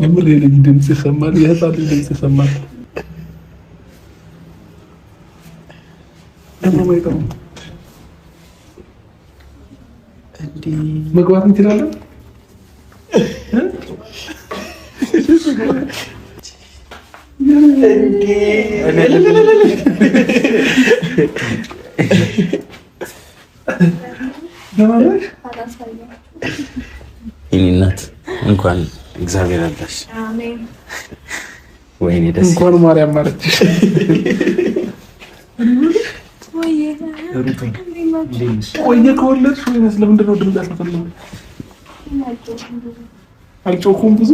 የምር የልጅ ድምጽ ይሰማል፣ የህፃን ልጅ ድምጽ ይሰማል። ደግሞ አይቀሩ መግባት እንችላለን። ይህን እናት እንኳን እግዚአብሔር አዳሽ። ወይኔ ደስ እንኳን ማርያም ማረችሽ። ቆየ ከወለድሽ ለምንድን ነው ድምፅ ያልተፈለገው? አልጮኩም ብዙ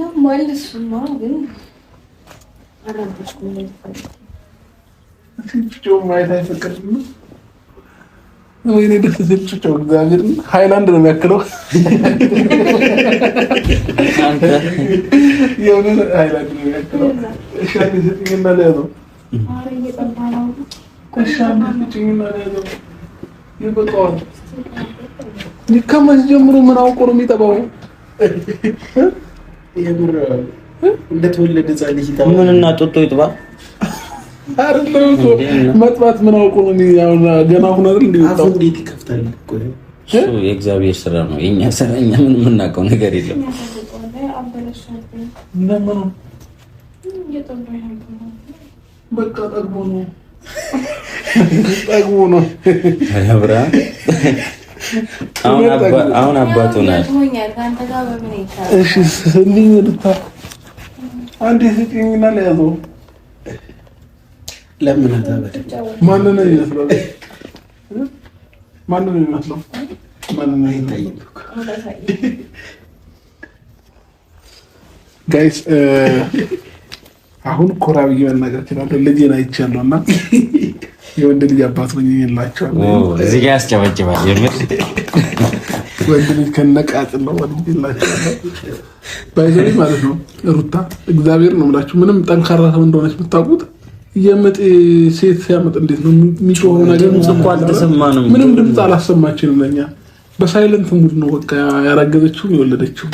ያው ማለት ነው ግን አረብሽ ማየት አይፈቀድም። ወይኔ ደስ ስልጭቸው እግዚአብሔር ሃይላንድ ነው የሚያክለው። ሃይላንድ ነው የሚያክለው። ጀምሮ ምን አውቆ ነው የሚጠባው? እንደተወለደ ምን እና ጦጦ ይጥባ መጥባት ምን አውቆ ነው? ገና አይደል እንዴት ይከፍታል? እሱ የእግዚአብሔር ስራ ነው። የኛ ስራ እኛ ምን የምናውቀው ነገር የለም። ጠግቦ ነው አሁን አባቱ እሺ ልታ አንዴ ስጭኝና ለያዘው ለምን አታበደ? ጋይስ አሁን ኮራ ብዬ መናገር እችላለሁ። ልጄን አይቻለሁ እና የወንድ ልጅ አባት ነኝ የላቸዋለሁ። እዚህ ጋ ያስጨበጭባል። የምር ወንድ ልጅ ከነቃጥል ነው ወንድ ባይዘ ማለት ነው ሩታ እግዚአብሔር ነው የምላችሁ። ምንም ጠንካራ ሰው እንደሆነች የምታውቁት የምጥ ሴት ሲያመጥ እንዴት ነው የሚጮኸው? ነገር ምንም ድምፅ አላሰማችንም። ለኛ በሳይለንት ሙድ ነው በቃ ያረገዘችው የወለደችው።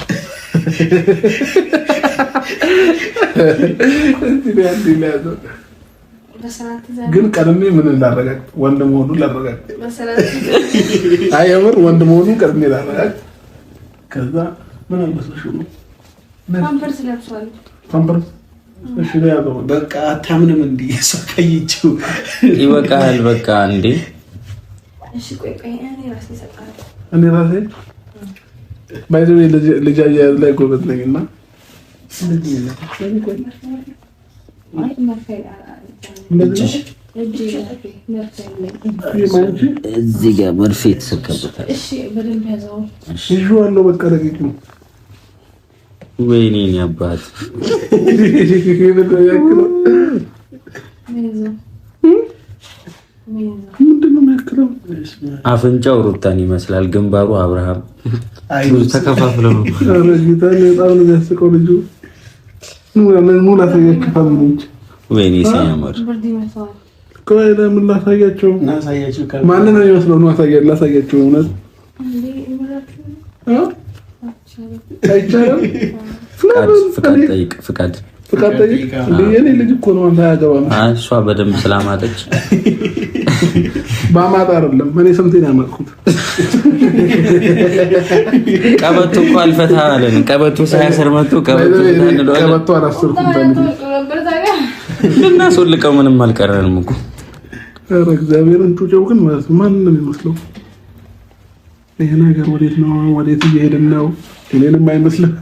ግን ቀድሜ ምን ላረጋግጥ፣ ወንድ መሆኑን ላረጋግጥ፣ የምር ወንድ መሆኑን ቀድሜ ላረጋግጥ። ከዛ ምን አልበሰሽው ነው ፓምፐርስ ለብሷል። ፓምፐርስ በቃ አታምንም እንዲ እሷ ቀይችው ይበቃል። በቃ እንዴ እኔ ራሴ ባይዘ ልጅ አያያዝ ላይ ጎበዝ ነኝ እና እዚህ ጋር መርፌ እሺ በደንብ ያዘው። እሺ በቃ ረቂቅ ነው። ወይኔ አባት ምንድነው የሚያክለው? አፍንጫው ሩታን ይመስላል፣ ግንባሩ አብርሃም። ተከፋፍለው ነው ነው ሲያምር ለምን ላሳያቸው? ማንን ነው ላሳያቸው እውነት አይቻልም። ፍቃድ የኔ ልጅ እኮ ነው። አንተ አያገባም። እሷ በደንብ ስላማጠች በአማጣ አይደለም። እኔ ስንቴን ያማጥኩት ቀበቶ እኮ አልፈታ አለን። ቀበቶ ሳያስር መቶ ቀበቶ አላሰርኩም። ልናስወልቀው ምንም አልቀረንም እኮ እግዚአብሔርን ጩጬው ግን ማለት ማን ነው ይህ ነገር ወዴት ነው? ወዴት እየሄድን ነው? እኔንም አይመስልም።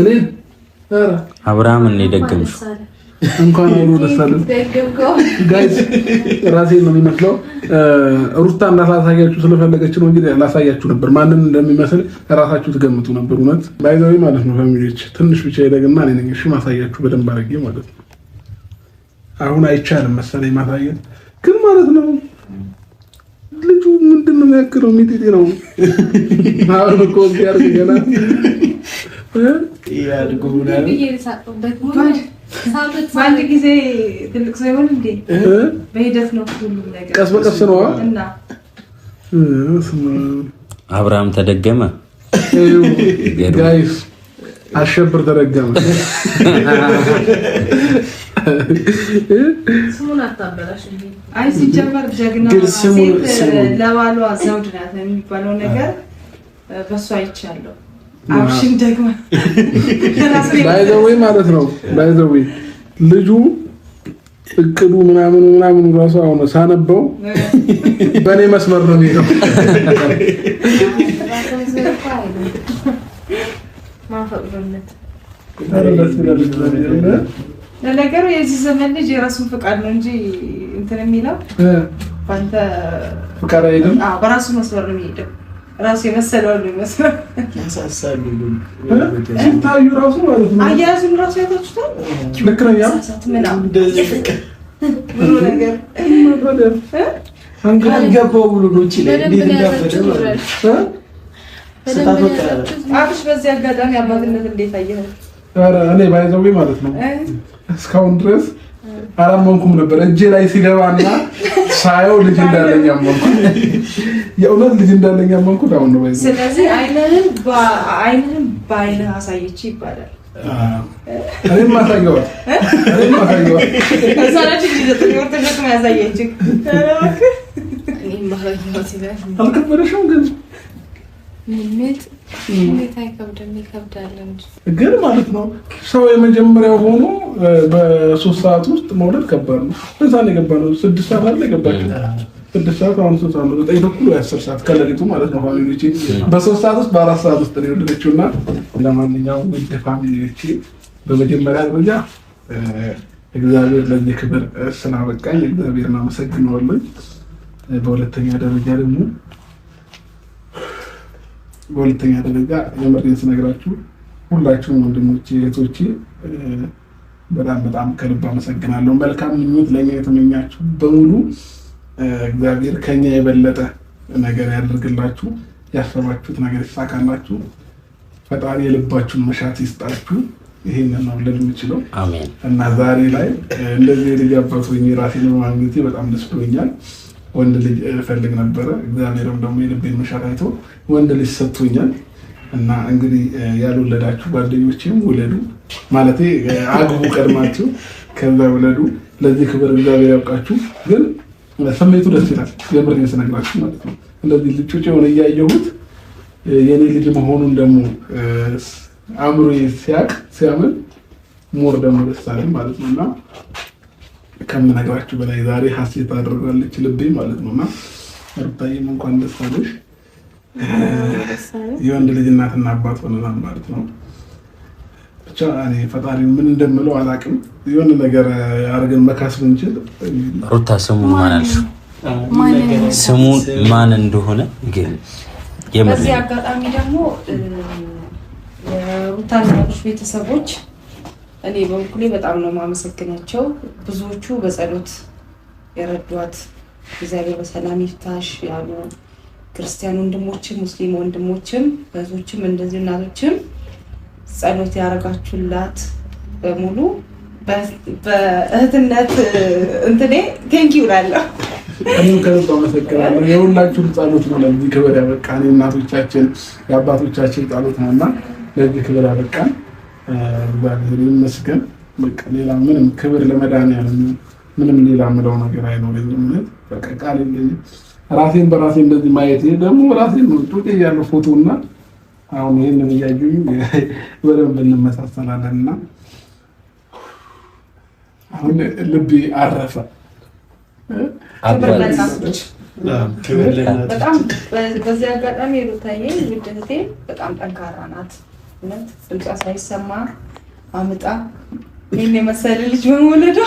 እኔ አብርሃም እኔ ደገምሽ እንኳን አይኑ ደሳለን ጋይስ፣ ራሴን ነው የሚመስለው። ሩታ እንዳላሳያችሁ ስለፈለገች ነው እንግዲህ ላሳያችሁ ነበር። ማንም እንደሚመስል ራሳችሁ ትገምቱ ነበር። እውነት ባይዘዊ ማለት ነው። ፋሚሊዎች ትንሽ ብቻ የደግና እኔ ነኝ። እሺ ማሳያችሁ በደንብ አድርጌ ማለት ነው። አሁን አይቻልም መሰለኝ ማሳየት ግን ማለት ነው ልጁ ምንድን ነው የሚያክለው? ሚጢጢ ነው። አሁን እኮ ቢያርግ ገና በአንድ ጊዜ ትልቅ ሰው ይሆን እንዴ? በሂደት ነው፣ ቀስ በቀስ ነው። አብርሃም ተደገመ፣ ጋይስ አሸብር ተደገመ። አይ ሲጀመር ጀግና ሴት ለባሏ ዘውድ ናት የሚባለው ነገር በእሱ አይቻለሁ። አብሽን ደግሞ ማለት ነው። ልጁ እቅዱ ምናምኑ ምናምኑ ራሱ አሁን ሳነበው በእኔ መስመር ነው የሚሄደው። ማፈቅዶነት ለነገሩ የዚህ ዘመን ልጅ የራሱን ፈቃድ ነው እንጂ እንትን የሚለው ፍቃድ አይደለም። አዎ በራሱ መስመር ነው የሚሄደው። ራሱ የመሰለው ነው ራሱ ማለት ነው። አያያዙን ራሱ ያታችሁታል። ያ ብሎ አብሽ። በዚህ አጋጣሚ አባትነት እንዴት አየኸው? እኔ ባይዘዌ ማለት ነው እስካሁን ድረስ አላመንኩም ነበር። እጄ ላይ ሲገባና ሳየው ልጅ እንዳለኝ አመንኩ። የእውነት ልጅ እንዳለኝ አመንኩ። አሁን ነው ባይዘዌ። ስለዚህ አይንህን አይንህን በአይንህ አሳየች ይባላል። እኔም አሳየዋል፣ እኔም አሳየዋል። አልከበደሽም ግን ግን ማለት ነው ሰው የመጀመሪያው ሆኖ በሶስት ሰዓት ውስጥ መውለድ ከባድ ነው። ስንት ሰዓት ነው ስድስት ሰዓት አለ የገባችው ስድስት ሰዓት አሁን ሰዓት ዘጠኝ ተኩል አስር ሰዓት ከሌሊቱ ማለት ነው። ፋሚሊዎቼ በሶስት ሰዓት ውስጥ በአራት ሰዓት ውስጥ ነው የወለደችው እና ለማንኛውም ውድ ፋሚሊዎቼ በመጀመሪያ ደረጃ እግዚአብሔር ለዚህ ክብር እግዚአብሔርን በሁለተኛ ደረጃ ደግሞ በሁለተኛ ደረጃ የምሬን ስነግራችሁ ሁላችሁም ወንድሞች እህቶቼ በጣም በጣም ከልብ አመሰግናለሁ። መልካም ምኞት ለእኛ የተመኛችሁ በሙሉ እግዚአብሔር ከኛ የበለጠ ነገር ያደርግላችሁ፣ ያሰባችሁት ነገር ይሳካላችሁ። ፈጣሪ የልባችሁን መሻት ይስጣችሁ። ይህንን ነው ልል የምችለው እና ዛሬ ላይ እንደዚህ የልጅ አባት ሆኜ ራሴን በማግኘቴ በጣም ደስ ብሎኛል። ወንድ ልጅ እፈልግ ነበረ። እግዚአብሔርም ደግሞ የልቤ መሻት አይቶ ወንድ ልጅ ሰጥቶኛል። እና እንግዲህ ያልወለዳችሁ ጓደኞችም ውለዱ፣ ማለት አግቡ፣ ቀድማችሁ ከዛ ውለዱ። ለዚህ ክብር እግዚአብሔር ያውቃችሁ። ግን ስሜቱ ደስ ይላል፣ የምር ስነግራችሁ ማለት ነው። እንደዚህ ልጩጭ የሆነ እያየሁት የኔ ልጅ መሆኑን ደግሞ አእምሮ ሲያቅ ሲያምን ሞር ደግሞ ደስ አለኝ ማለት ነው እና ከምነግራችሁ በላይ ዛሬ ሀሴት አድርጋለች ልቤ ማለት ነው። እና ሩታዬም እንኳን ደስ አለሽ። የወንድ ልጅ እናትና አባት ሆነናል ማለት ነው። ብቻ እኔ ፈጣሪ ምን እንደምለው አላውቅም። የሆነ ነገር አድርገን መካስ ብንችል። ሩታ ስሙ ማን ስሙ ማን እንደሆነ ግን በዚህ አጋጣሚ ደግሞ የሩታ ቤተሰቦች እኔ በበኩሌ በጣም ነው የማመሰግናቸው። ብዙዎቹ በጸሎት የረዷት እግዚአብሔር በሰላም ይፍታሽ ያሉ ክርስቲያን ወንድሞችም ሙስሊም ወንድሞችም በዞችም እንደዚህ እናቶችም ጸሎት ያደረጋችሁላት በሙሉ በእህትነት እንትኔ ቴንኪው ላለሁ እኔም ከልብ አመሰግናለሁ። የሁላችሁም ጸሎት ነው ለዚህ ክብር ያበቃን። የእናቶቻችን የአባቶቻችን ጸሎት ነውና ለዚህ ክብር ያበቃን። እግዚአብሔር ይመስገን። በቃ ሌላ ምንም ክብር ለመድኃኒዓለም ምንም ሌላ ምለው ነገር አይኖረኝም። እውነት በቃ ቃል የለኝም። ራሴን በራሴ እንደዚህ ማየት ደግሞ ራሴን ነው ጡቅ ያለው ፎቶ እና አሁን ይህንን እያዩ በደንብ እንመሳሰላለን እና አሁን ልቤ አረፈ። በጣም በዚህ አጋጣሚ ሩታዬ ውድ እህቴ በጣም ጠንካራ ናት። ድምጿ ሳይሰማ አምጣ ይህን የመሰለ ልጅ በመውለዷ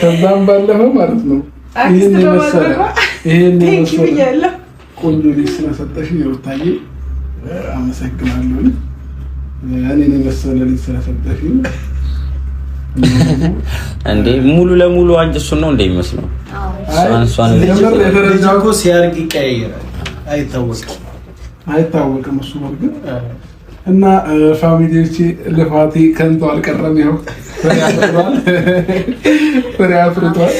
ከዛም ማለት ነው ይህን የመሰለ ቆንጆ ልጅ ሩታዬ አመሰግናለሁ። እኔን የመሰለ ልጅ እንዴ ሙሉ ለሙሉ አንቺ እሱን ነው እንደ የሚመስለው ሲያርግ ይቀያየራል። አይታወቅም አይታወቅም እሱ ግን እና ፋሚሊዎች ልፋቴ ከንቱ አልቀረም። ያው ፍሬ አፍርቷል።